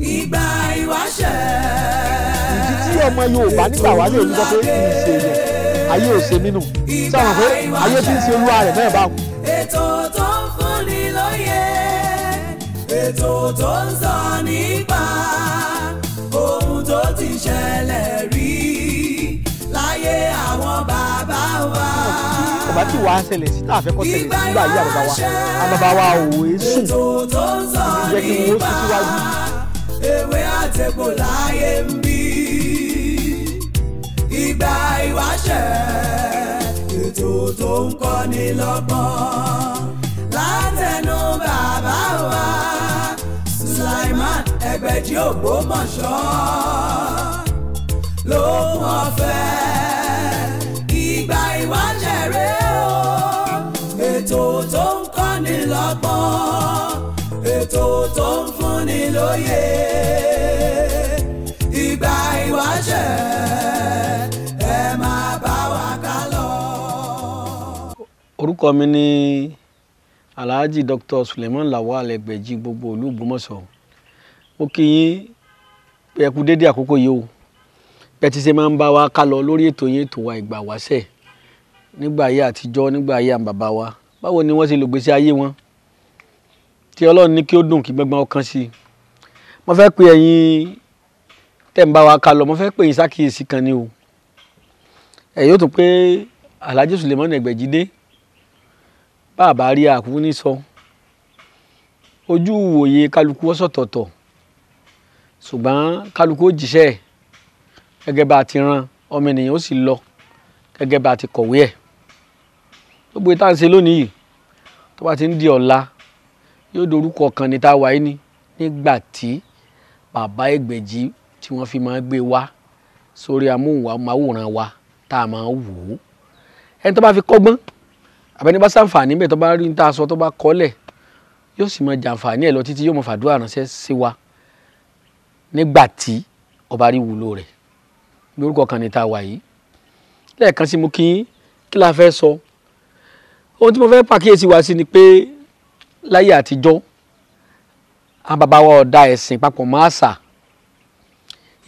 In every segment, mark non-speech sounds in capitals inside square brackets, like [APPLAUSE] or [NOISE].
ìgbà ìwáṣẹ̀. ìdí tí ọmọ Yorùbá nígbà wá lè rúbọ pé kì í ṣe èèyàn ayé ò ṣe mínú sáwọn pé ayé tí ń ṣe olúwa rẹ̀ náà bá wù. ètò tó ń fúnni lóye ètò tó ń sọ nípa ohun tó ti ṣẹlẹ̀ rí láyé àwọn bàbá wa bàbá tí wàá ṣẹlẹ̀ sí tàfẹ́ kọ́ ṣẹlẹ̀ sí nígbà yí àbàbà wa àbàbà wa ò wé sùn ìjẹ́ kí wọ́n sún síwájú àtẹ̀kùn láyé ń bí ìgbà ìwáṣẹ̀ ètò tó ń kọ́ni lọ́gbọ́n látẹnu bàbá wa Sulaiman Ẹgbẹ̀jì Ògbómọ̀ṣọ́ ló mú ọ̀fẹ́ ìgbà ìwáṣẹ̀ rèé o ètò tó ń kọ́ni lọ́gbọ́n ètò tó ń fúnni lóye ìgbà ìwáṣẹ̀ ẹ máa bá wa ká lọ. orúkọ mi ni alhaji dr suleiman lawal ẹgbẹ̀jì gbogbo ìlú Ògbómọ̀ṣọ́ mo kí yín pé ẹ kú dédé àkókò yìí o bẹ́ẹ̀ ti ṣe máa ń bá wa ká lọ lórí ètò yín ètò wa ìgbà wáṣẹ̀ nígbà ayé àtijọ́ nígbà ayé àwọn wa báwo ni wọ́n ṣe lògbèsè ayé wọn tí ọlọ́run ní kí ó dùn kí gbọ́ngbọ́n ọkàn sí i mo fẹ́ pe ẹ̀yin tẹ̀ ń bá wa kà lọ mo fẹ́ pe ẹ̀yin sákìyèsí kan ni o ẹ̀yin ó tún pé Alhaji Suleiman Ẹgbẹ̀jídé bàbá rí àkúkú ní sọ ojú ìwòye kálukú ọ̀sọ̀tọ̀ọ̀tọ̀ ṣùgbọ́n kálukú ó jíṣẹ́ gẹ́gẹ́ bá a ti ran ọmọ ènìyàn ó sì lọ gẹ́gẹ́ bá a ti kọ̀wé ẹ̀ gbogbo ìtànṣe lónìí yìí tó bá ti ń di ọ̀la yóò dorúkọ kan ní táwa yìí ni nígbà tí bàbá ẹgbẹ̀jì tí wọ́n fi máa gbé wá sórí amóhùnmáwòrán wa tá a máa wò ó ẹni tó bá fi kọ́gbọ́n àbẹni bá sàǹfààní bẹ́ẹ̀ tó bá rí níta aṣọ tó bá kọ́lẹ̀ yóò sì máa jàǹfààní ẹ̀ lọ títí yóò máa fàdúrà ránṣẹ́ sí wa nígbà tí ọba rí wúlò rẹ̀ lórúkọ kan ní táwa yìí lẹ́ẹ̀kan sí mo kí kí la fẹ́ sọ ohun tí mo fẹ́ pàkíyèsí wa sí ni pé láyé àtijọ́ àwọn bàbá wa ọ̀dà ẹ̀sìn papọ̀ mọ́ àṣà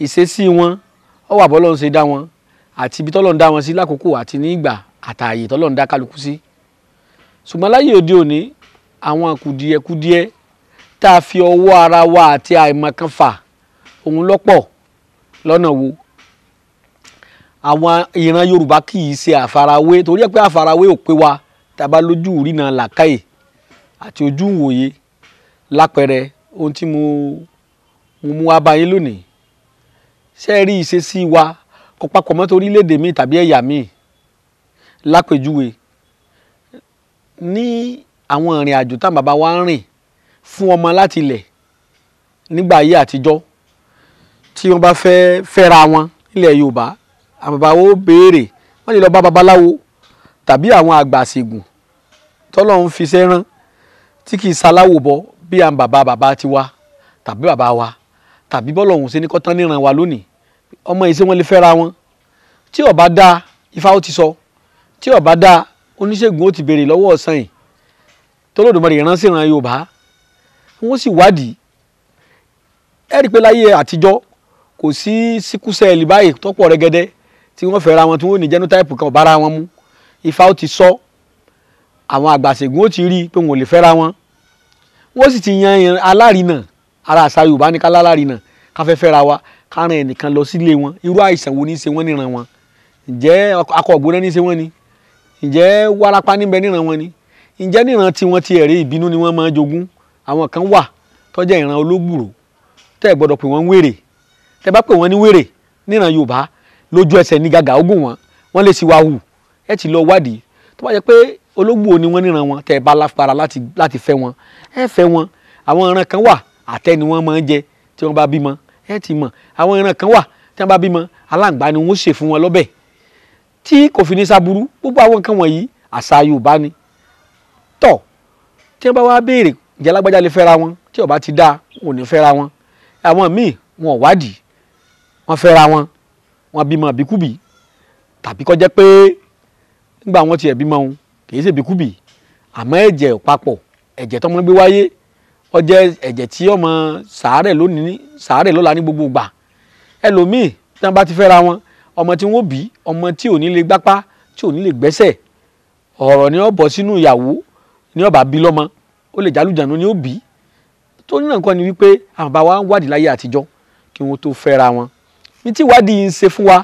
ìṣesí wọn ó wà bọ́lọ́run ṣe dá wọn àti ibi tọ́lọ́run dá wọn sí lákòókò àti ní ìgbà àtààyè tọ́lọ́run dá kálukú sí ṣùgbọ́n láyé òde òní àwọn kùdìẹ̀kùdìẹ̀ tá a fi ọwọ́ ara wa àti àìmọ̀kan fà òun lọ́pọ̀ lọ́nà wo àwọn ìran Yorùbá kì í ṣe àfarawé torí ẹ pé àfarawé ò pé wa tá a bá lójú ìrìnà làkàyè àti ojú ìwòye lápẹẹrẹ ohun tí mo mo mú wá bá yín lónìí ṣé ẹ rí ìṣesí wa kó papọ̀ mọ́tò orílẹ̀-èdè míì tàbí ẹ̀yà míì lápèjúwe ní àwọn ìrìn àjò tá bàbá wa ń rìn fún ọmọ láti ilẹ̀ nígbà ayé àtijọ́ tí wọ́n bá fẹ́ fẹ́ra wọn nílẹ̀ Yorùbá àbàbà wo béèrè wọ́n lè lọ bá babaláwo tàbí àwọn àgbà àṣègùn tọ́lọ́run fi sẹ́rán tí kì í ṣaláwò bọ bí à ń bàbá bàbá ti wá tàbí bàbá wa tàbí bọ́lọ̀ ọ̀hún ṣe ní kọ́tán níran wa lónìí ọmọ yìí ṣé wọ́n lè fẹ́ra wọn tí ó bá dáa ifá ó ti sọ tí ó bá dáa oníṣègùn ó ti béèrè lọ́wọ́ ọ̀sán yìí tọ́lọ́dọ̀mọdé ìránṣẹ́ràn Yorùbá wọ́n sì wádìí ẹ rí i pé láyé àtijọ́ kò sí síkúsẹ́ẹ̀lì báyìí tọ́pọ̀ rẹ́gẹ́dẹ́ tí wọ́n fẹ́ra wọn tí wọ́n ní jẹ́nútáìpù kan ò wọn mú ifá ó ti sọ àwọn àgbàṣègùn ó ti rí i pé wọn ò lè fẹ́ra wọn wọ́n sì ti yan alárinà ara àṣà yorùbá ní ká lálárìnà ká fẹ́ fẹ́ra wa ká ran ẹnìkan lọ sílé wọn irú àìsàn wo ní í ṣe wọ́n níran wọn ǹjẹ́ akọ ògbóná ní í ṣe wọ́n ni ǹjẹ́ wárápá níbẹ̀ níran wọn ni ǹjẹ́ níran tiwọn ti ẹ̀rí ìbínú ni wọ́n máa jogún àwọn kan wà tó jẹ́ ìran ológbùrò tẹ́ ẹ̀ gbọ́dọ̀ pè wọ́n wèrè tẹ́ bá pè wọ́n ní wèrè níran yorùbá lójú ẹsẹ̀ ní gàgà ogún wọn wọ́n lè sì wá hù ẹ ti lọ wádìí tó bá jẹ́ pé ológbò ni wọ́n níran wọn tẹ́ ẹ bá láfara láti láti wọn ẹ fẹ́ wọn àwọn ìran kan wà àtẹ ni wọ́n máa ń jẹ tí wọ́n bá bímọ ẹ ti mọ̀ àwọn ìran kan wà tí wọ́n bá bímọ aláǹgbá ni wọ́n ṣe fún wọn lọ́bẹ̀ tí kò fi ní sábúrú gbogbo àwọn nǹkan wọ̀nyí àṣà Yorùbá ni tọ̀ tí wọ́n bá wá béèrè ìjà alágbájá lè fẹ́ra wọn tí ó bá ti dáa wọn ò ní fẹ́ra wọn àwọn míì wọn ò wádìí wọn fẹ́ra wọn wọn bímọ àbíkúbí tàbí kọjá pé nígbà wọn tiẹ̀ bímọ òun kìí ṣe bíkúbì àmọ́ ẹ̀jẹ̀ papọ̀ ẹ̀jẹ̀ tọ́mọ gbé wáyé ó jẹ́ ẹ̀jẹ̀ tí ọmọ sàárẹ̀ lónìí sàárẹ̀ lọ́la ní gbogbo gbà ẹlòmíì tí wọ́n bá ti fẹ́ra wọn ọmọ tí wọ́n bí ọmọ tí ò ní lè gbápá tí ò ní lè gbẹ́sẹ̀ ọ̀rọ̀ ni ó bọ́ sínú ìyàwó ni ó bá bí lọ́mọ ó lè jálùjànú ni ó bí tó ní nǹkan ni wípé àwọn wa ń wádìí láyé àtijọ́ kí wọ́n tó fẹ́ra wọn ní tí ìwádìí ń ṣe fún wa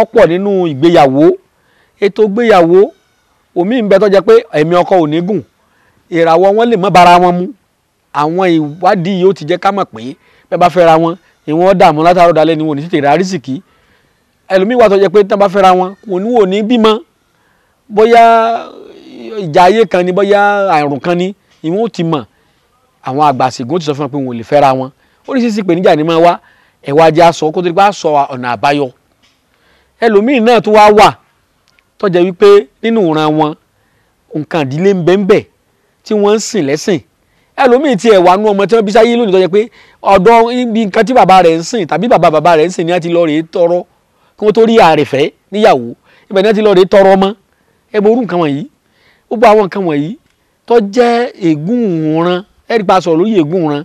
ọ̀pọ̀ nínú ìgbéyàwó ètò ìgbéyàwó omi ń bẹ tó jẹ́ pé ẹ̀mí ọkọ ò ní gùn ìràwọ̀ wọn lè mọ́ bara wọn mu àwọn ìwádìí yìí ó ti jẹ́ ká mọ̀ pé bẹ́ bá fẹ́ra wọn ìwọ̀n dààmú látàrọ̀ dalẹ̀ ni wọn ò ní tètè ra rísìkì ẹlòmíì wà tó jẹ́ pé tán bá fẹ́ra wọn wọn ò ní bímọ bóyá ìjà ayé kan ni bóyá àrùn kan ni ìwọ̀n ó ti mọ̀ àwọn àgbà àṣègùn ti sọ fún wọn pé wọn ò lè fẹ́ra wọn oríṣiríṣi ìpèníjà ni máa wá ẹ̀wà ajé kó tó di pé aṣọ ọ̀nà àbáyọ ẹlòmíì náà tó wá wà tó jẹ́ wípé nínú ìran wọn nǹkan ìdílé ń bẹ ń bẹ tí wọ́n ń sìn lẹ́sìn ẹlòmíì tí ẹ̀ wà nú ọmọ tí wọ́n bí sáyé lónìí tó jẹ́ pé ọ̀dọ̀ ibi nǹkan tí bàbá rẹ̀ ń sìn tàbí bàbá bàbá rẹ̀ ń sìn ni wọ́n ti lọ rèé tọrọ kí wọ́n tó rí àrẹ̀fẹ́ níyàwó ibẹ̀ ni wọ́n ti lọ rèé tọrọ ọmọ ẹ ború nǹkan wọ̀nyí gbogbo àwọn nǹkan wọ̀nyí tó jẹ́ ègún ìran ẹ̀rí pa sọ̀rọ̀ lórí ègún ìran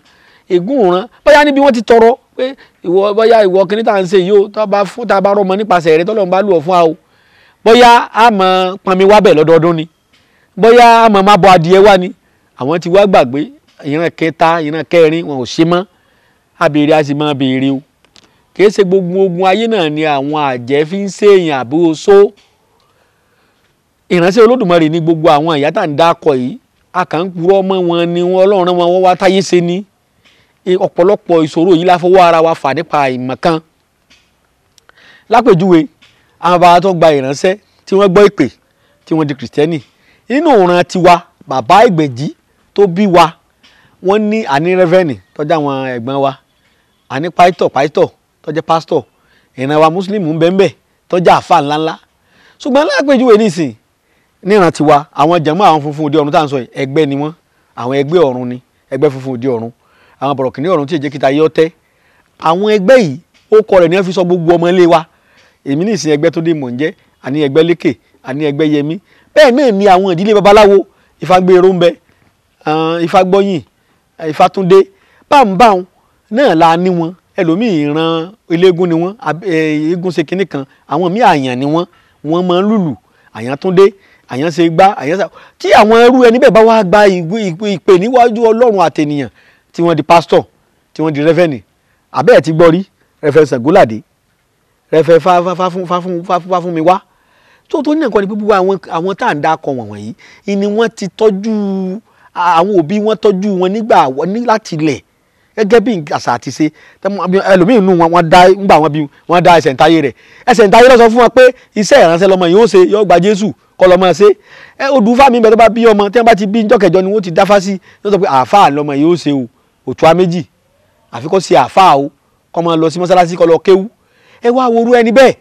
ègún ìran bóyá a bá rọmọ nípasẹ̀ rẹ tọ́lọ́run bá lù ọ́ fún wa o bóyá a mọ̀ pọnmi wá bẹ̀ lọ́dọọdún ni bóyá a mọ̀ má bọ adìẹ wá ni àwọn ti wá gbàgbé ìran kẹta ìran kẹrin wọn ò ṣe mọ́ àbèrè a sì máa béèrè o kìí ṣe gbogbo ogun ayé náà ni àwọn àjẹ́ fi ń ṣèyàn àbí oṣó ìránṣẹ́ olódùmarè ni gbogbo àwọn ìyá tá à ń dákọ̀ yìí a kàn ń purọ́ mọ́ wọn ni wọn ọlọ́run wọn wá táyé ṣe ni e, ọ̀pọ̀lọpọ̀ ìṣòro yìí la ara wa fà nípa ìmọ̀kan lápèjúwe àwọn bàbá tó gba ìránṣẹ́ tí wọ́n gbọ́ ìpè tí wọ́n di kìrìtẹ́nì nínú òran tiwa bàbá ìgbèjì tó bí wa wọ́n ní àní rẹ́fẹ́nì tọ́jà àwọn ẹ̀gbọ́n wa àní pásítọ̀ pásítọ̀ tọ́jà pásítọ̀ ìran wa mùsùlùmí ń bẹ́ẹ̀ bẹ́ẹ̀ tọ́jà àfa ńláńlá ṣùgbọ́n lápèjúwe nísìn níran tiwa àwọn jàmọ́ àwọn funfun òde ọ̀run tá à ń sọ yìí ẹgbẹ́ ni wọ́n àwọn ẹgbẹ́ ọ̀run ni ẹgbẹ́ funfun òde ọ̀run àwọn bọ̀rọ̀kìnní ọ̀run tí èjèkìtà yọ tẹ́ àwọn ẹgbẹ́ yìí ó kọ rẹ̀ ní wọ́n fi sọ gbogbo ọmọ ilé wa èmi ní ìsìn ẹgbẹ́ tó dé mò ń jẹ́ àní ẹgbẹ́ lékè àní ẹgbẹ́ yẹmí bẹ́ẹ̀ náà ni àwọn ìdílé babaláwo ìfagbèrò ń bẹ eh, ìfagbọ́yìn eh, ìfatúndé báńbáwọn náà la ní wọn ẹlòmíì ìran eléégún ni wọn eh, eégún ṣe kinní kan àwọn míì àyàn ni wọn wọn máa ń lùlù àyàn túndé àyàn ṣe gbá àyàn ṣe tí àwọn ẹrú ẹni bẹ́ẹ̀ bá wá gba ìpè níwájú ọlọ́run àtẹnìyàn tí wọ́n di pásítọ̀ tí wọ́n di rẹ́fẹ́nì àbẹ́ẹ̀ ti gbọ́ rí rẹ́fẹ́ Ṣàngóládé ẹ̀fẹ̀ fáfún fáfún fáfún mi wá tó tó nínú ẹ̀kọ́ ni gbogbo àwọn àwọn tá à ń dákọ̀ wọ̀nyí ni wọ́n ti tọ́jú àwọn òbí wọn tọ́jú wọn nígbà ní láti lẹ̀ gẹ́gẹ́ bí àṣà àti ṣe ẹlòmíì nù wọn wọn dá ńgbà wọn bí wọn dá ẹsẹ̀ ńtáyé rẹ̀ ẹsẹ̀ ńtáyé ló sọ fún wọn pé iṣẹ́ ìránṣẹ́ lọmọ yìí ó ṣe yọ gba Jésù kọ́ lọmọ ṣe ẹ odù fámi bẹ tó bá bí ọmọ tí wọn bá ti bí njọ́ kẹjọ ni wọn ti dáfá sí ló sọ pé àáfàá lọmọ yìí ó ṣe o òtún a méjì àfikọ́ sí àáfàá o kọ́ máa lọ sí mọ́sálásí kọ́ lọ kéwú ẹ wá worú ẹni bẹ́ẹ̀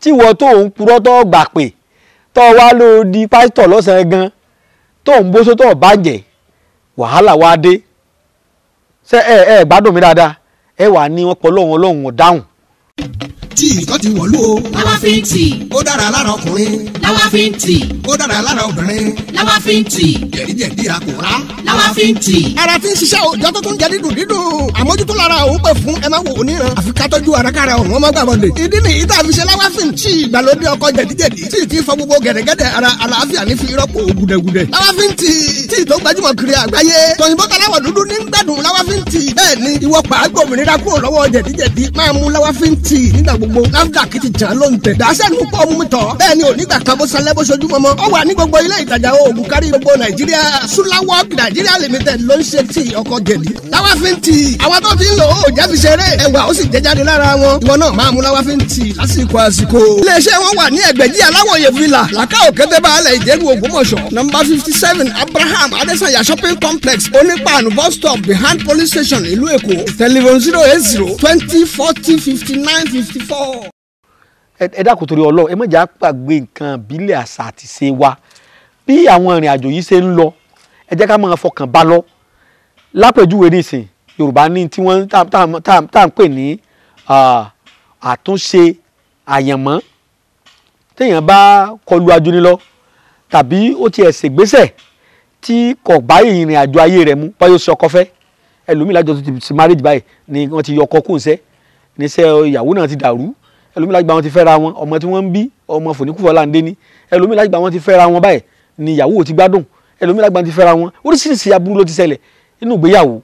tí ìwọ tó ń purọ́ tó gbà pé tó wá ló di pásítọ̀ lọ́sàn-án gan tó ń bóṣó tó bàjẹ́ wàhálà wá dé ṣé ẹ ẹ gbádùn mi dáadáa ẹ wà ní wọn pọ̀ ọlọ́run ọ̀dáhùn tí nǹkan ti wọ̀lú o. làwa fi ń tì. ó dára lára ọkùnrin. làwa fi ń tì. ó dára lára obìnrin. làwa fi ń tì. jẹ̀díjẹ̀dí àkùrá. làwa fi ń tì. ara ti ń ṣiṣẹ́ òòjọ́ tó tún jẹ dídùn dídùn. àmójútó lára òun pè fún ẹ má wò ó níran. àfi ká tọ́jú ọ̀hún ọmọ gbàbọ̀dé. ìdí nìyí tá a fi ṣe làwa fi ń tì. ìgbàlódé ọkọ jẹ̀díjẹ̀dí. tí ì ara àlàáfíà ní fi rọ́pò gùdẹ̀gùdẹ̀. làwa fi ń tì. tí ì tó gbajúmọ̀ kiri àgbáyé. tòyìnbó taláwọ̀ dúdú ní gbẹ̀dùn làwa fi ń tì. ni ìwọ pàágbọ̀ òmìnira kúrò lọ́wọ́ jẹ̀díjẹ̀dí máa mú làwa fi ń gbogbo NAFDAC ti jà ló ń tẹ̀. dàṣẹ́ nu pọ̀ mú tọ̀. bẹ́ẹ̀ ni onígbà kan bó sanlẹ̀ bó sojú mọ́mọ́. ó wà ní gbogbo ilé ìtajà oògùn kárí gbogbo nàìjíríà. sulawok nàìjíríà limited ló ń ṣe tí ọkọ̀ jẹ̀lí. láwáfín tì àwọn tó ti ń lò ó jẹ́ fi ṣeré. ẹwà ó sì jẹ́ jáde lára wọn. ìwọ náà máa mú láwáfín tì lásìkò àsìkò. iléeṣẹ́ wọn wà ní ẹgbẹ̀jì aláwọ̀yẹ villa làkà òkété baálẹ̀ ìdẹ́rù ògbómọ̀ṣọ́ nọmba fifty seven abraham adesanya shopping complex onípaànù bus stop behind police station ìlú èkó telephone zero eight zero twenty forty fifty nine fifty four sọ. ẹ dákun torí Ọlọ́run ẹ má jà gbàgbé nǹkan ìbílẹ̀ àṣà àti ṣe wa bí àwọn ìrìn àjò yìí ṣe ń lọ ẹ jẹ́ ká máa fọkàn bá lọ lápèjúwe nísìn Yorùbá ní tí wọ́n tá à ń pè ní àtúnṣe àyànmọ́ téèyàn bá kọlu ajoni lọ tàbí ó tiẹ̀ ṣègbésẹ̀ tí kò bá ìrìn àjò ayé rẹ̀ mu báyọ̀ sọkọ fẹ́ ẹlòmíì lájọ tó ti marriage báyìí ni wọ́n ti yọ ọkọ kúnṣẹ́ níṣẹ́ ìyàwó náà ti dàrú ẹlòmíì lágbà wọn ti fẹ́ra wọn ọmọ tí wọ́n ń bí ọmọ fòníkùfọ́lá ń dé ní ẹlòmíì lágbà wọn ti fẹ́ra wọn báyìí ni ìyàwó ti gbádùn ẹlòmíì lágbà wọn ti fẹ́ra wọn oríṣiríṣi aburú ló ti ṣẹlẹ̀ nínú ìgbéyàwó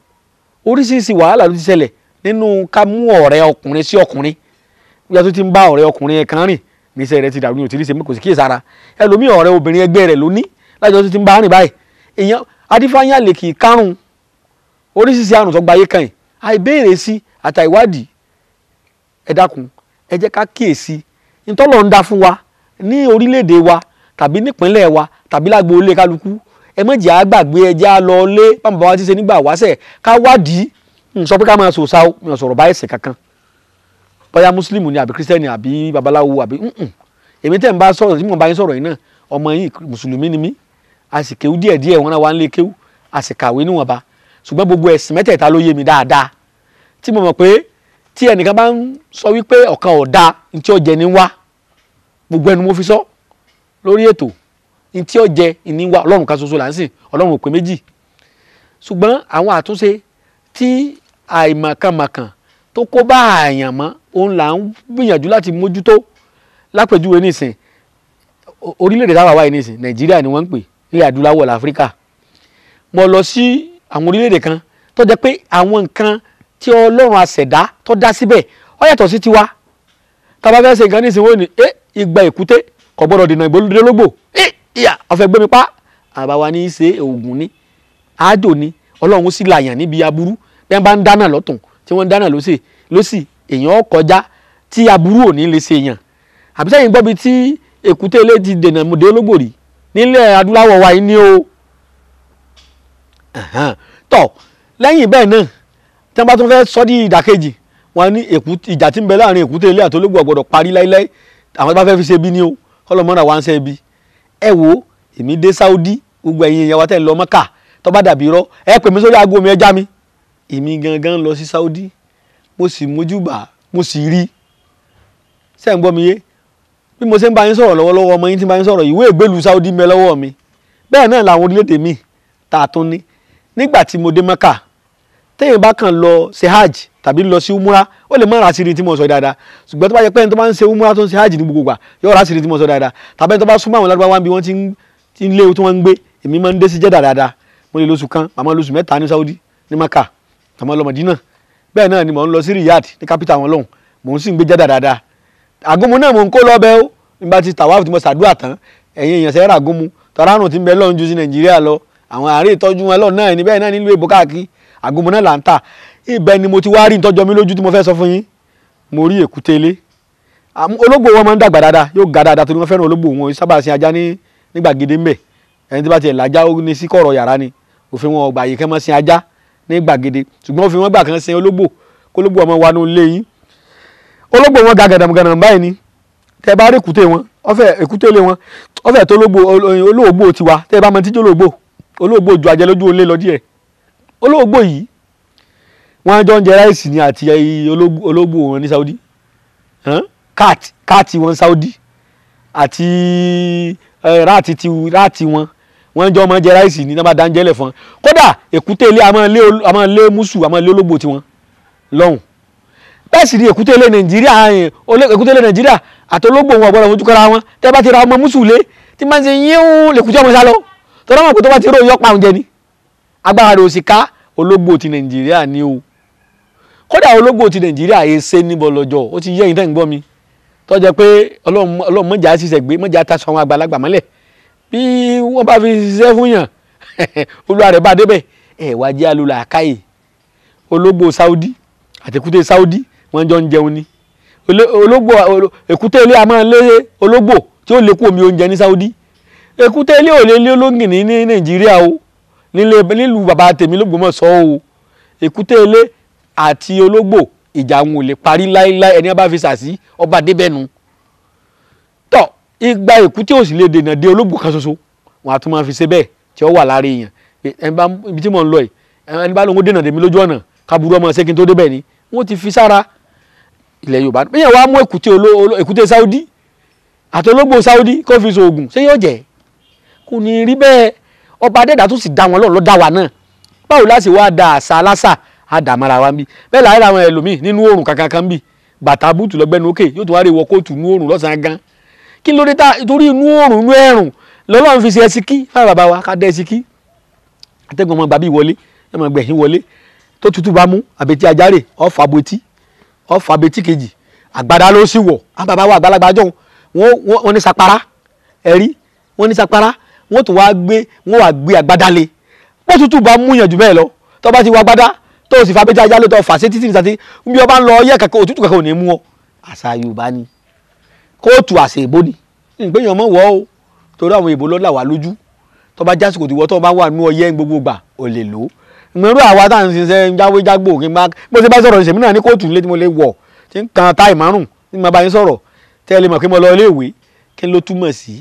oríṣiríṣi wàhálà ló ti ṣẹlẹ̀ nínú ká mú ọ̀rẹ́ ọkùnrin sí ọkùnrin yàtọ̀ tí ń bá ọ̀rẹ́ ọkùnrin ẹ̀ kan rìn níṣẹ́ rẹ̀ ti dàrú ní òtírí ní ẹ dákun ẹ jẹ́ ká kíyèsí ntọ́lọ̀ ń dá fún wa ní orílẹ̀-èdè wa tàbí nípínlẹ̀ wa tàbí lágbo ilé kálukú ẹ má jẹ́ á gbàgbé lọ lé bàbá wa ti ṣe nígbà wáṣẹ̀ ká wádìí sọ pé ká máa sòsá o mi ò sọ̀rọ̀ báyìí ṣe kankan bóyá mùsùlùmù ni àbí kírísítẹ́nì àbí babaláwo àbí èmi tẹ̀ ń bá sọ̀rọ̀ tí mo bá yín sọ̀rọ̀ yìí náà ọmọ yìí mùsùlùmí ni mí a sì kéwú díẹ̀ díẹ̀ wọn náà wá ń lé kéwú a sì kàwé níwọ̀nba ṣùgbọ́n gbogbo ẹ̀sìn mẹ́tẹ̀ẹ̀ta ló yé mi dáadáa tí mo mọ̀ pé tí ẹnìkan bá ń sọ wípé ọ̀kan ọ̀dà ntí ọ̀jẹ̀ ní wá gbogbo ẹnu mo fi sọ lórí ètò ntí ọ̀jẹ̀ ní wá ọlọ́run kan ṣoṣo là ń sìn ọlọ́run òpè méjì ṣùgbọ́n àwọn àtúnṣe tí àìmọ̀kànmọ̀kàn tó kó bá àyàn mọ́ òun là ń gbìyànjú láti mójútó lápèjúwe nísìn orílẹ̀-èdè táwa wáyé nísìn nàìjíríà ni wọ́n ń pè ilẹ̀ adúláwọ̀ láfíríkà mo lọ sí àwọn orílẹ̀-èdè kan tó jẹ́ pé àwọn nǹkan tí ọlọ́run àṣẹ̀dá tó dá síbẹ̀ ó yàtọ̀ sí tiwa tàbá fẹ́ ṣe nǹkan nísìnyí wọ́n ní ẹ ìgbà èkúté kò gbọ́dọ̀ dènà ìgbòlódélógbò ẹ ìyá ọ̀fẹ́ gbẹmí pa àbáwa ní í ṣe oògùn ni àájò ni ọlọ́run sì làyàn níbi aburú bí wọ́n bá ń dáná lọ́tùn tí wọ́n ń dáná lọ́sì lọ́sì èèyàn kọjá tí aburú ò ní lè ṣe èèyàn àbísẹ́yìn gbọ́ bi tí èkúté ilé ti dènà ìgbòlódélógbò rí nílẹ̀ adúláwọ̀ wa yìí ní o tọ̀ lẹ́yìn bẹ́ẹ̀ náà tí wọ́n bá tún fẹ́ sọ́ di ìdàkejì wọ́n ní ìjà tí ń bẹ láàrin èkúté ilé àtológbò ọ̀gbọ̀dọ̀ parí láíláí àwọn bá fẹ́ fi ṣe ibi ni o kọ́lọ́mọ́ra wa ń ṣe ibi ẹ wo èmi dé Saudi gbogbo ẹ̀yin ìyàwó tẹ̀ ń lọ mọ́kà tó bá dàbí irọ́ ẹ pè mí sórí aago mi ẹ mi èmi gangan lọ sí Saudi mo sì mójúbà mo sì rí sẹ́ ń gbọ́ mi yé bí mo ṣe ń bá yín sọ̀rọ̀ lọ́wọ́lọ́wọ́ ọmọ yín ti bá yín sọ̀rọ̀ ìwé ìgbélú Saudi ń lọ́wọ́ mi bẹ́ẹ̀ náà làwọn orílẹ̀-èdè míì tá a nígbà tí mo dé mọ́kà téèyàn bá kàn lọ ṣe hajj tàbí lọ sí umra ó lè má ra sírin tí mo sọ dáadáa ṣùgbọ́n tó bá yẹ pé ẹni tó bá ń ṣe umra tó ń ṣe hajj ní gbogbo gbà yóò ra tí mo sọ dáadáa tàbí ẹni tó bá súnmọ́ àwọn lárúbáwá bí wọ́n ti ń léwu tí wọ́n ń gbé èmi máa ń dé sí jẹ́dà dáadáa mo lè lóṣù kan màmá lóṣù mẹ́ta ní Saudi ní Maka àmọ́ lọ Madina bẹ́ẹ̀ náà ni mò ń lọ sí Riyadh ní kápítà wọn lọ́hùn mò ń sì ń gbé jẹ́dà dáadáa àgómù náà mò ń kó lọ bẹ́ẹ̀ ó nígbà tí tàwáàfù tí mo ṣàdúrà tán ẹ̀yin èèyàn sẹ́yìn ràgómù tọ́ránù àgùnbọ náà là ń tà ibẹ̀ ni mo ti wá rí ìtọ́jọ́ mi lójú tí mo fẹ́ sọ fún yín mo rí èkúté ilé ológbò wọn máa ń dàgbà dáadáa yóò ga dáadáa torí wọn fẹ́ràn ológbò wọn sábà sin ajá ní gbàgede ńbẹ ẹni tí bá tiẹ̀ lájá ó ní sí kọ̀rọ̀ yàrá ni òfin wọn ọgbà yìí kẹ́ mọ́ sin ajá ní gbàgede ṣùgbọ́n òfin wọn gbà kan sin ológbò kólógbò ọmọ wa nù lé yín ológbò wọn ga gàdàmùgàdàmù báyìí ni tẹ bá rí èkúté wọn ọfẹ èkúté lé wọn ọfẹ tó ológbò olóògbò tiwa tẹ bá mọ tíjọ olóògbò olóògbò ju ajẹ lójú olé lọ díẹ̀ olóògbò yìí wọ́n jọ ń jẹ ráìsì ni àti olóògbò wọn ní Saudi káàtì wọn Saudi àti eh, ráàtì ti ráàtì wọn wọ́n jọ ọmọ jẹ ráìsì ni nàbà dáńjẹ́lẹ̀ fún wọn kódà èkúté ilé àmọ́ ilé mùsù àmọ́ ilé olóògbò tiwọn lọ́hùn bẹ́ẹ̀ sì ni èkúté ilé Nàìjíríà eh, èkúté ilé Nàìjíríà àti olóògbò wọn ọ̀gbọ́dọ̀ fojú kọ́ra wọn tẹ́ bá ti ra ọmọ mùsù lé tí máa ń ṣe yíwú lèkúté ọmọ sálọ tọ́lá mọ̀ pé tó bá ti rò yọ pa òun jẹ ni agbára rẹ̀ ò sì ká ológbò ti nàìjíríà ní o kódà ológbò ti nàìjíríà yé ṣe níbọ̀ lọ́jọ́ ó ti yẹ ìtẹ́ ń gbọ́ mi tó jẹ́ pé ọlọ́run mọ̀jà ṣiṣẹ́ gbé mọ̀jà taṣọ àwọn àgbàlagbà mọ́lẹ̀ bí wọ́n bá fi ṣiṣẹ́ fún yàn [LAUGHS] olúwa rẹ̀ bá débẹ̀ ẹ̀ wá jẹ́ alólà àkáyè ológbò saudi àtẹ̀kútẹ́ saudi wọ́n jọ ń jẹun ni ológbò èkúté ilé a máa lé ológbò tí ó lè omi oúnjẹ ní saudi èkúté ilé ò lè lé olóngìní ní nàìjíríà o nílùú bàbá tèmi l'Ógbómọ̀ṣọ́ o èkúté ilé àti ológbò ìjà àwọn ò lè parí láéláé ẹni bá fi sàsí ọba débẹ̀nu tọ igba èkúté ò sì lè dènà de ológbò kan ṣoṣo wọn àtúmọ̀ fi ṣe bẹ́ẹ̀ tí ó wà lára èèyàn ẹni bá ibi tí mò ń lọ yìí ẹni bá lóun ó dènà dèmi lójú ọ̀nà kaburú ọmọ ṣẹ́kin tó débẹ̀ ni wọ́n ti fi sára ilẹ̀ Yorùbá bẹ́ẹ̀ wàá mú èkúté èkúté Saudi àti ológbò Saudi kó fi ṣoògùn ṣé yóò jẹ́ kò ní rí bẹ́ẹ̀ ọba adẹ́dà tó sì dá wọn lọ́rùn ló wa náà báwo láti wá da àṣà aláṣà àdàmọ́ra wa ń bí bẹ́ẹ̀ láyé àwọn ẹlòmíì nínú òòrùn kankan kan bí bàtà búùtù lọ́gbẹ́nu òkè yóò tún wá rí wọ kóòtù nú òòrùn lọ́sàn-án gan kí ló dé ta torí inú òòrùn inú ẹ̀rùn lọ́lọ́run fi ṣe ẹsikí fáwọn bàbá wa ká dá ẹsikí atẹ́gùn ọmọ gbàbí wọlé ọmọ gbẹ̀yìn wọlé tó tutù bá mú àbètí ajáre ọ̀fà betí ọ̀fà betí kejì àgbàdá ló sì wọ̀ á bàbá wa àgbàlagbà jọ̀ wọ́n ní sapara ẹ̀rí wọ́n ní sapara wọ́n tún wá gbé wọ́n wá gbé agbádá lé wọ́n tútù bá múyàn jù bẹ́ẹ̀ lọ tó bá ti wá agbádá tó o sì fa abẹ́jà ajálẹ̀ tó o fà sétí tìbí sàtí bí o bá ń lọ ọyẹ́ kankan òtútù kankan ò ní mú ọ àṣà Yorùbá ni kóòtù àṣà èbó ni ìgbéyàn mọ̀ wọ́ o torí àwọn èbó lọ́là wà lójú tó bá jásìkò tí wọ́n tó bá wà nú ọyẹ́ gbogbo gbà ò lè lò ó àwa tá à ń ṣiṣẹ́ jáwéjágbò kí n bá bó ṣe bá sọ̀rọ̀ ṣèmi náà ní kóòtù nílé tí mo lè wọ̀ tí n kan táì márùn-ún tí mo bá yín sọ̀rọ̀ tẹ́ mọ̀ pé mo lọ ilé ìwé kí n ló túmọ̀ sí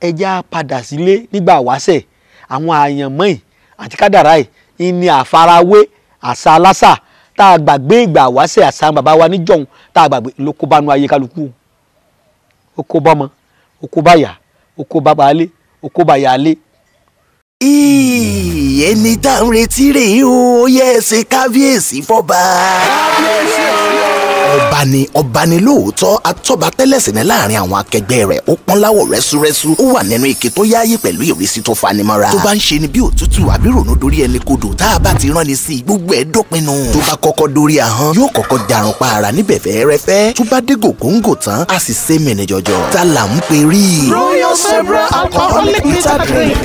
ẹja padà sílé nígbà wáṣẹ̀ àwọn àyànmọ́ yìí àti kádàrá yìí ní àfarawé àṣà aláṣà tá a gbàgbé ìgbà wáṣẹ̀ àṣà bàbá wa níjọ̀hún tá a gbàgbé ló kó bá ayé kálukú ó kó bá ó kó bá ó kó bá ó kó bá ẹni tá à ń retí rèé o yẹ ẹ ṣe kábíyèsí fọba. kábíyèsí o ọba ni ọba ni lóòótọ́ atọ́ba tẹ́lẹ̀sì ní láàrin àwọn akẹgbẹ́ rẹ̀ ó pọ́n láwọ̀ rẹ́súrẹ́sú ó wà nínú ike tó yááyì pẹ̀lú ìrísí tó fanimọ́ra tó bá ń ṣe ni bí òtútù àbí rònú dorí ẹni kodò tá a bá ti rán ni sí i gbogbo ẹ̀ dópinu tó bá kọ́kọ́ dorí ahọ́n yóò kọ́kọ́ darun pa ara níbẹ̀ fẹ́ẹ́rẹ́fẹ́ tó bá dé gògóńgò tán a sì sé mẹ́ni jọjọ là ń perí. Royal Zebra alcoholic bitter drink.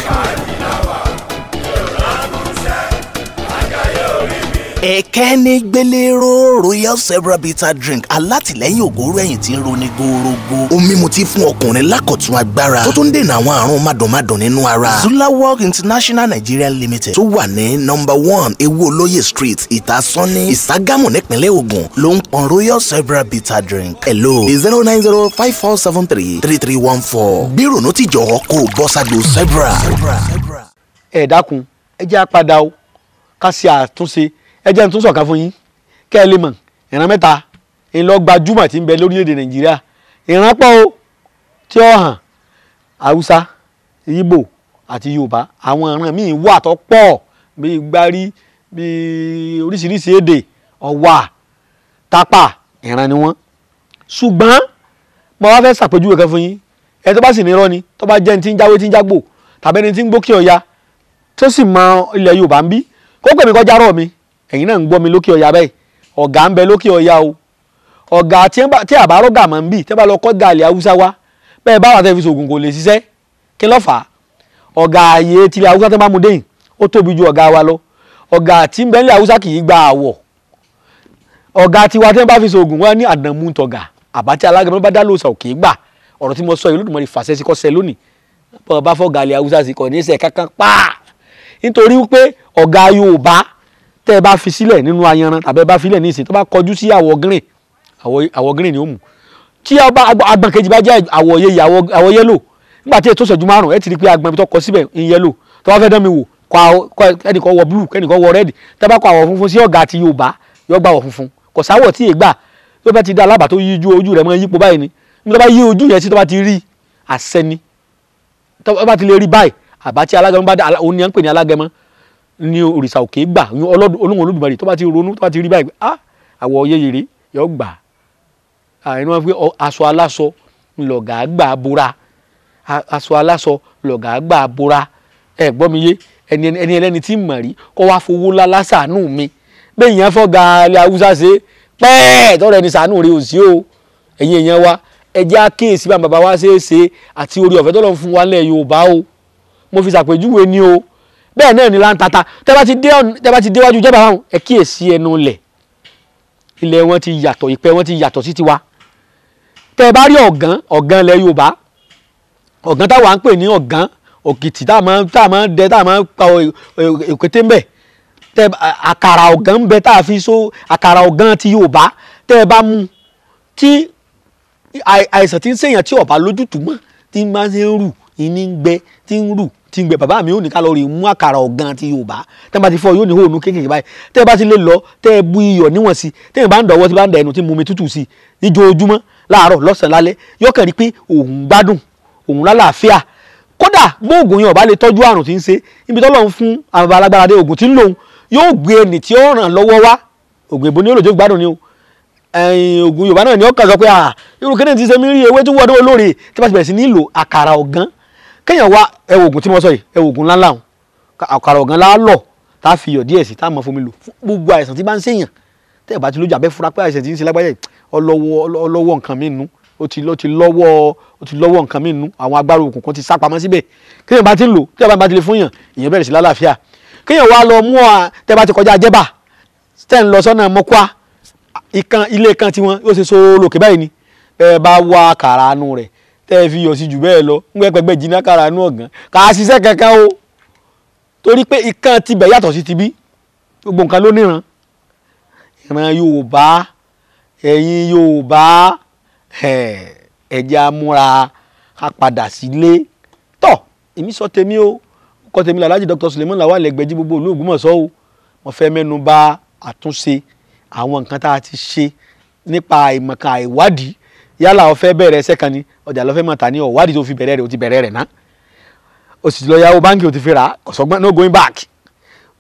ẹ̀kẹ́ni gbéléró royal cerebral bitter drink alátìlẹ́yìn ògóró ẹ̀yìn tí ń roni górógó. ohun mímu tí fún ọkùnrin lákọ̀tún agbára tó tún dènà àwọn àrùn mádùnmádùn nínú ara. zulawog international nigeria limited tó wà ní number one ewu olóyè street ìtasọ́ní ìságámù nípínlẹ̀ ògùn ló ń pọn royal cerebral bitter drink. hello zero nine zero five four seven three three three one four bí ronú tìjọ kó o bọ́ ságo cerebral. ẹ dákun ẹ jẹ́ àpadà o ká ṣe àtúnṣe ẹ jẹ́ n tún sọ̀ka fún yín kẹ́ ẹ lè mọ̀ ìran mẹ́ta ìlọgbàjúmọ̀ tí ń bẹ lórílẹ̀‐èdè nàìjíríà ìran pọ̀ o tí ó hàn haúsá ìgbò àti yorùbá àwọn ìran míì wà tó pọ̀ bíi gbárí bíi oríṣiríṣi èdè ọ̀wà tápà ìran ni wọ́n ṣùgbọ́n mo wá fẹ́ ṣàpèjúwe kan fún yín ẹ tó bá sì nírọ́ ni tó bá jẹ́ ní tí ń jáwé tí ń jágbò tàbí ẹni tí ń gbókè ọ̀ya tó sì mọ ilẹ̀ yorùbá ń bí kó pèmí kọjá rọ̀ mi ẹ̀yin náà ń gbọ́ mi lókè ọ̀yà báyìí ọ̀gá ń bẹ lókè ọ̀yà o ọ̀gá tí àbárọ̀ máa ń bì tẹ́ bá lọ kọ́ gàlẹ́ haúsá wá bẹ́ẹ̀ bá wà tẹ́ sògùn kò lè ṣiṣẹ́ kí ló fà á ọ̀gá ààyè tilẹ̀ haúsá tẹ́ bá mu déyìn ó tóbi ju ọ̀gá wa lọ ọ̀gá tí ń bẹ nílẹ̀ haúsá kì í gba àwọ̀ ọ̀gá tiwa tẹ́ bá fi sògùn wá ní àdàmú tọ̀gà àbátí alágbèmọ́ bá dá lóòsàn òkè gbà ọ̀rọ̀ tí mo sọ yìí Olódùmarè fàṣẹ sí kọ́sẹ́ lónìí bọ́ọ̀ bá fọ́ gàlẹ́ haúsá sí kọ́ ní í sẹ́ kankan pàà nítorí wípé tẹ́ ẹ bá fi sílẹ̀ nínú ayanran tàbí ẹ bá filẹ̀ ní ìsìn tó bá kọjú sí àwọ̀ green àwọ̀ green ni ó mú tí agbọn kejì bá jẹ́ àwọ̀ yẹyẹ àwọ̀ yẹ́lò nígbà tí ètò ìṣẹ́jú márùn-ún ẹ ti rí pé agbọn tó kọ síbẹ̀ ń yẹ́lò tó bá fẹ́ dán mi wò ẹnìkan wọ blue ẹnìkan wọ red tẹ́ bá kọ àwọ̀ funfun sí ọ̀gá àti Yorùbá yóò gbà àwọ̀ funfun kò sáwọ̀ tí ègbà tó bá ti dá alábà tó yíjú ojú rẹ̀ mọ́ yípo báyìí ni nígbà tó bá yí ojú yẹn sí tó bá ti rí àṣẹ ni tó bá ti lè rí báyìí àbá tí alágẹmọ bá dá òun ni à ń pè ní alágẹmọ ni òrìṣà òkè gbà olóhùn olódùmarè tó bá ti ronú tó bá ti rí báyìí ah àwọ̀ yeyere yọ gbà àìní ah, wọn fi aṣọ aláṣọ lọ̀gà gbà bora aṣọ aláṣọ lọ̀gà gbà bora ẹ gbọ́ mi yé ẹni ẹni ẹlẹ́ni tí mọ̀ rí kọ́ wá fowó ńlá lásàánú mi bẹ́ẹ̀ yẹn fọ́ ga alẹ́ haúsá ṣe pẹ́ẹ́ tọ́rọ ẹni sàánú rẹ ò sí o ẹ̀yin èèyàn wa ẹjẹ́ àkíyèsí bá bàbá wa ṣe é ṣe àti orí ọ̀fẹ́ tọ́lọ́ fún wa lẹ̀ Yorùbá o mo fi ṣàpèjúwe ni o bẹ́ẹ̀ náà ni láńtata tẹ́bá ti déwájú jẹ́ bàbá wọn ẹ kíyèsí ẹnu ilẹ̀ ilẹ̀ wọn ti yàtọ̀ ìpẹ́ wọn ti yàtọ̀ sí tiwa tẹ́ bá rí ọ̀gán ọ̀gán ilẹ̀ Yorùbá ọ̀gán táwa ń pè ní ọ̀gán òkìtì tá a máa tá a máa dẹ tá a máa pa òkété ń bẹ tẹ́ àkàrà ọ̀gán ń bẹ tá a fi so àkàrà ọ̀gán ti Yorùbá tẹ́ bá mu tí àìsàn ti ń ṣèyàn tí ọ̀bá lójútùú mọ́ ti máa ń rù ìní ń gbẹ tí ń rù tí ń gbẹ bàbá mi ò ní ká lọ rí mú àkàrà ọ̀gán ti Yorùbá tẹ́ bá ti fọ yóò ní hóònù kéékèèké báyìí tẹ́ bá ti lè lọ tẹ́ bu iyọ̀ níwọ̀n sí tẹ́ bá ń dọ̀wọ́ tí bá ń da ẹnu tí mu mi tútù sí níjoojúmọ́ láàárọ̀ lọ́sàn-án lálẹ́ yọkàn rí pé òun gbádùn òun lálàáfíà kódà gbóògùn yẹn ọba lè tọ́jú àrùn tí ń ṣe níbi tọ́lọ́ ògùn Yorùbá náà ni ó sọ pé irú kí ni ti ṣe mí rí ewé tó wọ́ọ́dọ́ olóore tí wọ́n ti bẹ̀rẹ̀ sí ní àkàrà ọ̀gán kéèyàn wá ẹwọ oògùn tí mo sọ yìí ẹwọ oògùn ńláńlá òun àkàrà ọ̀gán la lọ tá a fi iyọ̀ díẹ̀ sí tá a mọ̀ fomi lò fún gbogbo àìsàn tí bá ń ṣèyàn tẹ́ ẹ̀ bá ti lójú abẹ́ fura pé àìsàn tí ń ṣe lágbájá yìí ọlọ́wọ́ nǹkan mí nù ó ti lọ́wọ́ ó ti lọ́wọ́ nǹkan mí nù àwọn agbára òkùnkùn ti sá pamọ́ síbẹ̀ kéèyàn bá ti lò tẹ́ ẹ̀ bá ti lè fún yàn èèyàn bẹ̀rẹ̀ sí lálàáfíà kéèyàn wá lọ mú ọ tẹ́ bá ti kọjá ajẹ́bà tẹ́ ń lọ sọ́nà mọ́kúá ilé kan tiwọn yóò ṣe so lókè báyìí ni bẹ́ẹ̀ bá wá tẹ́ ẹ fi yọ̀ sí jù bẹ́ẹ̀ lọ ń gbẹ́gbẹ́gbẹ́ jìnnà kára inú ọ̀gán kà á ṣiṣẹ́ kankan o torí pé ìkan tibẹ̀ yàtọ̀ sí tibí gbogbo nǹkan ló níran ìran Yorùbá ẹ̀yin Yorùbá ẹ̀jẹ̀ amúra ká padà sílé tọ̀ èmi sọ tèmi o kọ́ tèmi làlájì Dr. Suleiman Lawal Ẹgbẹ́jí gbogbo ìlú Ògbómọ̀ṣọ́ o mo fẹ́ mẹ́nu bà àtúnṣe àwọn nǹkan tá a ti ṣe nípa ìmọ̀kan àìwádìí yálà o fẹ́ bẹ̀rẹ̀ ẹsẹ̀ kan ni ọjà ló fẹ́ máa tà ní ọ̀wádìí tó fi bẹ̀rẹ̀ rẹ̀ o ti bẹ̀rẹ̀ rẹ̀ ná o sì lọ yàwó báńkì o ti fi rà kọ̀sọ́gbọ́n no going back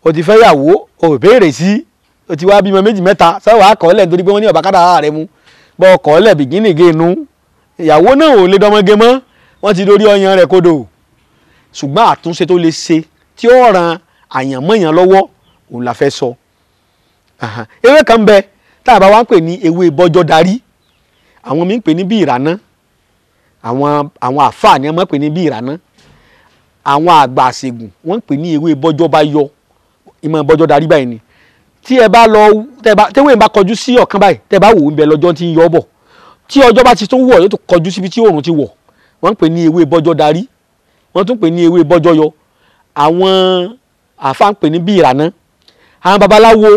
o ti fẹ́ yàwó o béèrè sí o ti wá bímọ méjì mẹ́ta sáwọ́ akọ̀ọ́lẹ̀ nítorí pé wọ́n ní ọ̀bàkàdà rẹ̀ mu bọ́ ọkọ̀ọ́lẹ̀ bìgínì géènú ìyàwó náà ò lè dọmọge mọ́ wọ́n ti dorí ọyàn rẹ̀ kodò ṣùgbọ́n àtúnṣe tó lè ṣe tí ó ran àyànmọ́yàn lọ́wọ́ òun la fẹ́ sọ ewé kan bẹ tá a bá wá pè ní ewé bọ́jọ́ darí àwọn mi ń pè ní bí ìrànà àwọn àwọn àfáà ni wọ́n pè ní bí ìrànà àwọn àgbà àṣègùn wọ́n pè ní ewé bọ́jọ́ bá yọ ìmọ̀ bọ́jọ́ darí báyìí ni tí ẹ bá lọ tẹ́wé bá kọjú sí ọ̀kan báyìí tẹ́ bá wò ó ń bẹ lọ́jọ́ tí ń yọ bọ̀ tí ọjọ́ bá ti tó wọ̀ yóò tó kọjú síbi tí oòrùn ti wọ̀ wọ́n pè ní ewé bọ́jọ́ darí wọ́n tún pè ní ewé bọ́jọ́ yọ àwọn àfáà ń pè ní bí ìrànà àwọn babaláwo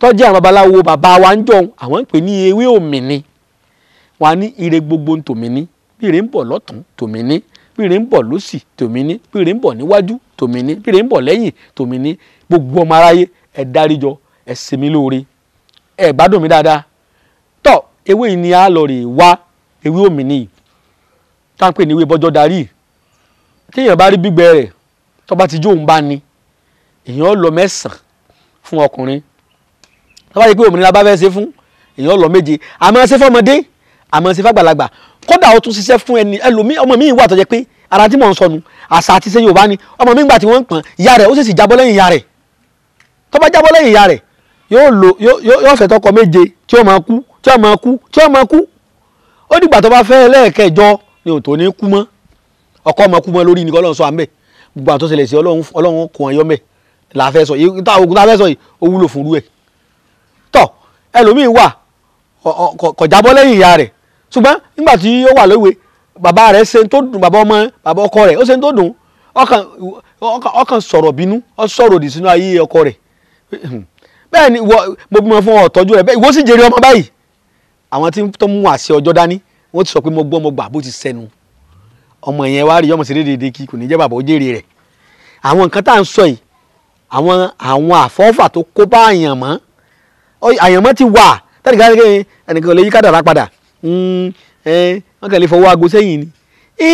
tọ́jú àwọn babaláwo bàbá wa ń jọun àwọn ń pè ní ewé òmìnir wàá ní ire gbogbo tòmí ní bí ire ń bọ̀ lọ́tún tòmí ní bí ire ń bọ̀ lọ́sì tòmí ní bí ire ń bọ̀ níwájú tòmí ní bí ire ń bọ̀ lẹ́yìn tòmí ní gbogbo ọmọ aráyé ẹ dáríjọ ẹ sinmi lóore ẹ gbádùn mi dáadáa tọ ewé yìí ni a lọ rè wá ewé òmìnir táǹpẹ̀ ní ewé bọ́jọ́ darí téèyàn bá rí gbígbẹ rẹ̀ tó bá ti jó òun bá ní èèyàn lọ mẹ́sàn-án fún ọkùnrin tó bá yẹ pé òmìnira bá fẹ́ ṣe fún èèyàn lọ méje àmọ́ ṣe fọ́mọdé àmọ́ ṣe fàgbàlagbà kódà ó tún ṣiṣẹ́ fún ẹni ẹlòmí ọmọ mi wà tó jẹ́ pé ara tí mò ń sọnù àṣà àti ṣe yorùbá ni ọmọ mi gbà tí wọ́n ń pọ̀n ìyá rẹ̀ ó sì sì jábọ́ lẹ́yìn ìyá rẹ̀ tó bá jábọ́ lẹ́yìn ìyá rẹ̀ yóò lò yóò fẹ́ tọkọ méje tí ó máa kú tí ó máa kú tí ó máa kú ó dìgbà tó bá fẹ́ lẹ́ẹ̀kẹjọ ni ò tó ní kú mọ́ ọkọ ọmọ kú mọ́ lórí ni ọlọ́run sọ à ń la fẹ́ sọ yìí tá a fẹ́ sọ yìí ó wúlò fún rú ẹ̀ tọ́ ẹlòmíín wà kò jábọ́ ìyá rẹ̀ ṣùgbọ́n nígbà tí ó wà lówe bàbá rẹ̀ ṣe tó dùn bàbá ọmọ bàbá ọkọ rẹ̀ ó ṣe tó dùn ọkàn sọ̀rọ̀ bínú ó sọ̀rọ̀ òdì sínú ayé ọkọ rẹ̀ bẹ́ẹ̀ ni mo bímọ fún ọ tọ́jú rẹ̀ bẹ́ẹ̀ ìwọ sì jèrè ọmọ báyìí àwọn tí tó mú àṣẹ ọjọ́ dání wọ́n ti sọ pé mo gbọ́ mo gbà bó ti sẹ́nu ọmọ yẹn wá rí ọmọ sí déédéé kí kò ní jẹ́ bàbá ó jèrè rẹ̀ àwọn nǹkan tá à ń sọ yìí àwọn àwọn àfọ́fà tó kó bá àyànmọ́ àyànmọ́ ti wà tẹ́lẹ̀ ẹnìkan lè yí kádàrá padà wọ́n kàn fọwọ́ aago sẹ́yìn ni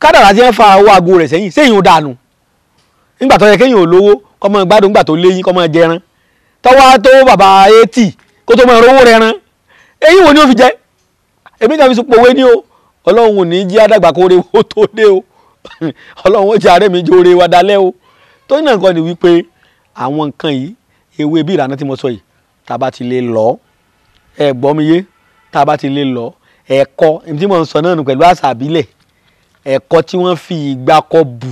kádàrá ti ń fa owó aago rẹ̀ sẹ́yìn sẹ́yìn ó dànù nígbà tó yẹ kéèyàn ò lówó kọ́mọ gbádùn nígbà tó léyìn kọ́mọ jẹran tọ́wọ́ tó bàbá eighty kó tó mọ owó rẹ̀ ran eyín wo ni ó fi jẹ èmi náà fi sopọ̀ wé ní o ọlọ́run ò ní jí àdàgbà kó re tó dé o ọlọ́run ó àárẹ̀ tá a bá ti lè lọ ẹ̀kọ́ ibi tí mo ń sọ náà nù pẹ̀lú àṣà àbílẹ̀ ẹ̀kọ́ tí wọ́n fi ìgbà kọ bù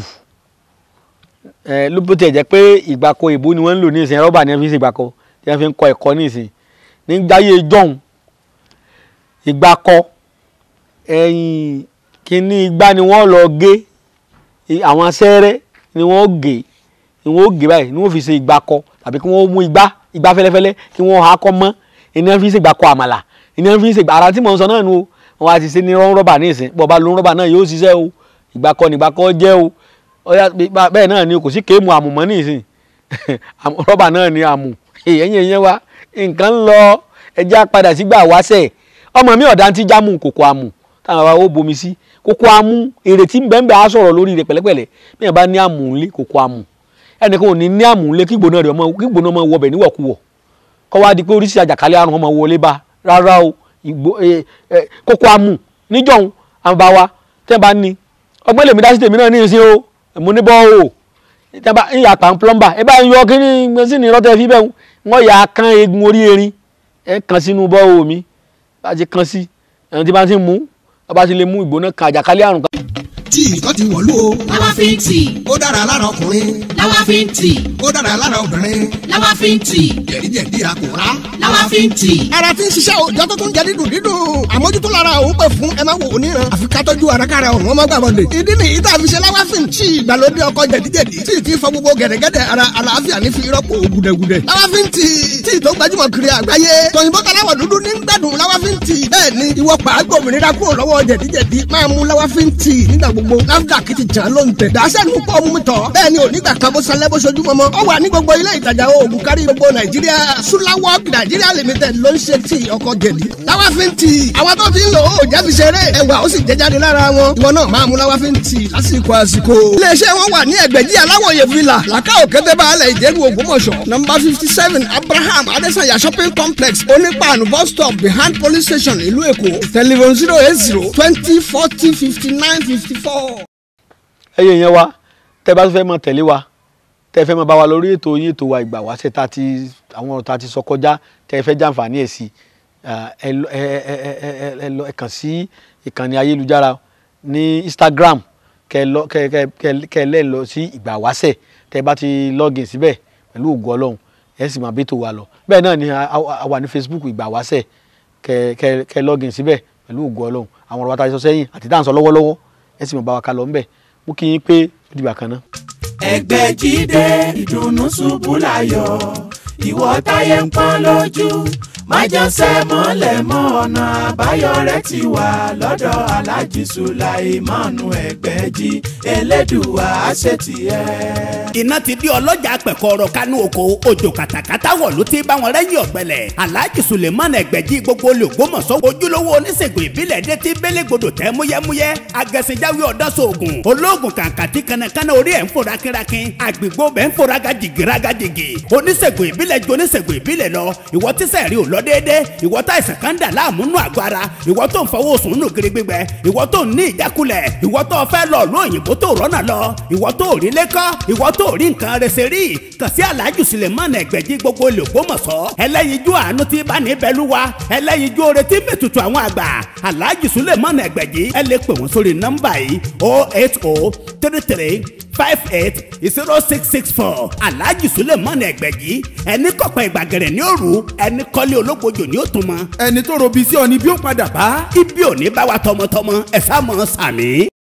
ló bó tiẹ̀ jẹ́ pé ìgbà ìbò ni wọ́n ń lò ní ìsìn rọ́bà ni wọ́n fi ń ṣe ìgbà kọ tí wọ́n fi ń kọ ẹ̀kọ́ ní ìsìn nígbàyé jọ̀hún ìgbà ẹ̀yìn kínní igbá ni wọ́n lọ gé àwọn sẹ́rẹ́ ni wọ́n gé ni wọ́n gé báyìí ni wọ́n fi ṣe ìgbà kọ tàbí kí wọ́n mú igbá igbá fẹ́lẹ́fẹ́lẹ́ kí wọ́n hakọ́ mọ́ ni wọ́n fi ṣe ìgbà àmàlà ìyẹn fi ń ṣe gbàrà tí mò ń sọ náà nu o wọn á ti ṣe ní rọ́bà ní ìsìn bọ́ọ̀ bá lo rọ́bà náà yóò ṣiṣẹ́ o ìgbàkọ nìgbàkọ jẹ́ o bẹ́ẹ̀ náà ni kò sí kéèmù àmùmọ́ ní ìsìn [LAUGHS] rọ́bà náà ni àmù èyẹ́yẹ́ yẹn wá nǹkan ń lọ ẹjẹ́ padà sígbà wáṣẹ̀ ọmọ mi ọ̀dà ti jámù kòkó àmù táwọn àwọn ó bomi sí kòkó àmù èrè tí bẹ́ẹ̀ bẹ́ẹ̀ á sọ̀rọ̀ lórí rẹ̀ pẹ̀lẹ́pẹ̀lẹ́ bí wọ́n bá ní àmù ńlé kòkó àmù ẹnìkan ò ní ní àmù ńlé kígbóná ọmọ wọbẹ̀ níwọ̀kuwọ̀ kọ́ wá rárá o ìgbò e, e, kókó amù níjọ̀hún àbá wa tẹ́ bá ní ọgbọ́n lèmi dásí tèmi náà ní ìsín o mo ní bọ́ o tẹ́ bá ń yàtà ń plọ́mbà ẹ bá ń yọ kí ní gbèsè ní rọ́tẹ́ fífẹ́ wọn yà á kán egun orí erin ẹ kàn sínú bọ́ o mi bá ti kàn sí ẹni tí bá ti mú bá ti lè mú ìgbóná kan àjàkálẹ̀ àrùn kan. tí ìtọ́ ti wọ̀lú o. aláfíìntì. ó dára lára ọkùnrin làwa fi ń tì. ó dára lára obìnrin. làwa fi ń tì. jẹ̀díjẹ̀dí àkùrá. làwa fi ń tì. ara ti ń ṣiṣẹ́ òòjọ́ tó tún jẹ́ dídùn dídùn. àmójútó lára òun pè fún ẹ má wò ó níran. àfi ká tọ́jú arakára ọ̀hún ọmọ gbàgbọ́dé. ìdí nìyí tá a fi ṣe làwa fi ń tì. ìgbàlódé ọkọ jẹ̀díjẹ̀dí. tí kì fọ gbogbo gẹ̀dẹ̀gẹ̀dẹ̀ ara àlàáfíà ní fi rọ́pò gùdẹ̀gùdẹ̀. làwa fi ń tì. tí tó gbajúmọ̀ kiri àgbáyé. tòyìnbó taláwọ̀ dúdú ní gbẹ̀dùn làwa fi ń tì. bẹ́ẹ̀ ni ìwọ pàágbọ̀ òmìnira kúrò lọ́wọ́ jẹ̀díjẹ̀dí máa mú làwa fi ń tì nígbà gbogbo. nafdac ti bó ṣalẹ́ ó wà ní gbogbo ilé ìtajà oògùn kárí gbogbo nàìjíríà sulawok nàìjíríà limited ló ń ṣe tí ọkọ jẹ̀lí. láwàfin tí àwọn tó ti ń lò ó jẹ́ fi ṣeré ẹwà ó sì jẹ́ lára wọn ìwọ náà máa mú láwàfin tí lásìkò àsìkò. iléeṣẹ́ wọn wà ní ẹgbẹ̀jì aláwòye villa làkàó kété baálẹ̀ ìjẹ́rù ògbómọ̀ṣọ́ nọmba fifty seven abraham adesanya shopping complex onípaànù bus stop behind police station ìlú èkó telephone zero eight zero twenty forty fifty nine fifty four. ẹyẹ yẹn wa tẹ bá fẹ́ mọ tẹ̀lé wa tẹ́ fẹ́ máa bá wa lórí ètò yín ètò wa ìgbà wáṣẹ tá ti àwọn ọ̀rọ̀ tá ti sọ kọjá tẹ́ fẹ́ jàǹfààní ẹ̀ sí ẹ lọ ẹ sí ìkànnì ayélujára ní Instagram kẹ lẹ lọ sí ìgbà wáṣẹ tẹ́ bá ti login síbẹ̀ pẹ̀lú ògùn Ọlọ́run ẹ sì máa bí ètò wa lọ bẹ́ẹ̀ náà ni a wà ní Facebook ìgbà wáṣẹ kẹ login síbẹ̀ pẹ̀lú ògùn Ọlọ́run àwọn ọ̀rọ̀ wa tá ti sọ sẹ́yìn àti tá à ń sọ lọ́wọ́lọ́wọ́ ẹ sì máa bá wa ká lọ ńbẹ̀ mú kí yín pé ó dìgbà kan náà ẹgbẹ́ jíde ìdùnnú ṣubú láyọ̀ ìwọ táyé ń pọ́n lójú májẹsẹ̀ mọ́lẹ̀ mọ́ ọ̀nà àbáyọ rẹ̀ ti wà lọ́dọ̀ aláàjì sùláìmánu ẹgbẹ́jì elédùwà àṣetì ẹ̀. iná ti di ọlọ́jà pẹ̀kọ́rọ̀ kánú oko òjò kàtàkàtà wọ̀ ló ti bá wọn rẹ́yìn ọ̀gbẹ́lẹ̀ aláàjì sùláìmánu ẹgbẹ́jì gbogbo olùgbòmọ̀sọ́ ojúlówó oníṣègùn ìbílẹ̀ dé ti bélégbodò tẹ́ múyẹ́múyẹ́ agẹ̀sìnjáwé ọ̀dọ́sọ̀ọ̀gùn olóògùn kàǹkàtì kanakana orí ẹ̀ ń fòrà kírakín àgbègbè bẹ́ẹ̀ ń fòrà gàjìgì ragàjìgì oníṣègùn ìbílẹ̀ ju oníṣègùn ìbílẹ̀ lọ ìwọ tíṣẹ̀ rí lọ déédéé ìwọ tá ìsàn kan dà láàmú nù agbára ìwọ tó ń fọwọ́ sùn nù gírí gbígbẹ ìwọ tó ń ní ìjákulẹ̀ ìwọ tó fẹ́ lọ ló òyìnbó tó rọ́nà lọ ìwọ tó rí lẹ́kọ́ ìwọ tó rí nǹkan rẹsẹ̀ rí kàn sí aláàjù Sulemana Ẹgbẹ̀jí gbogbo l'Ògbómọ̀ṣọ́ ẹlẹ́yinjú àánú tí bá ní bẹ́lúwa ẹlẹ́yinjú oore tí mẹ́tutù àwọn àgbà aláàjù Sulemana Ẹgbẹ̀jí ẹ lè pè wọ́n sórí nọ́mbà yìí 080 five eight zero six six four alhaji suleiman ẹgbẹ̀jì ẹni kọ̀pẹ́ ìgbàgẹ̀rẹ̀ ní òru ẹni kọ́lé olókojò ní òtún mọ́. ẹni tó robi sí ọ ni bí ó padà bá. ibi ò ní bá wa tọmọtọmọ ẹ sá mọ sàmì.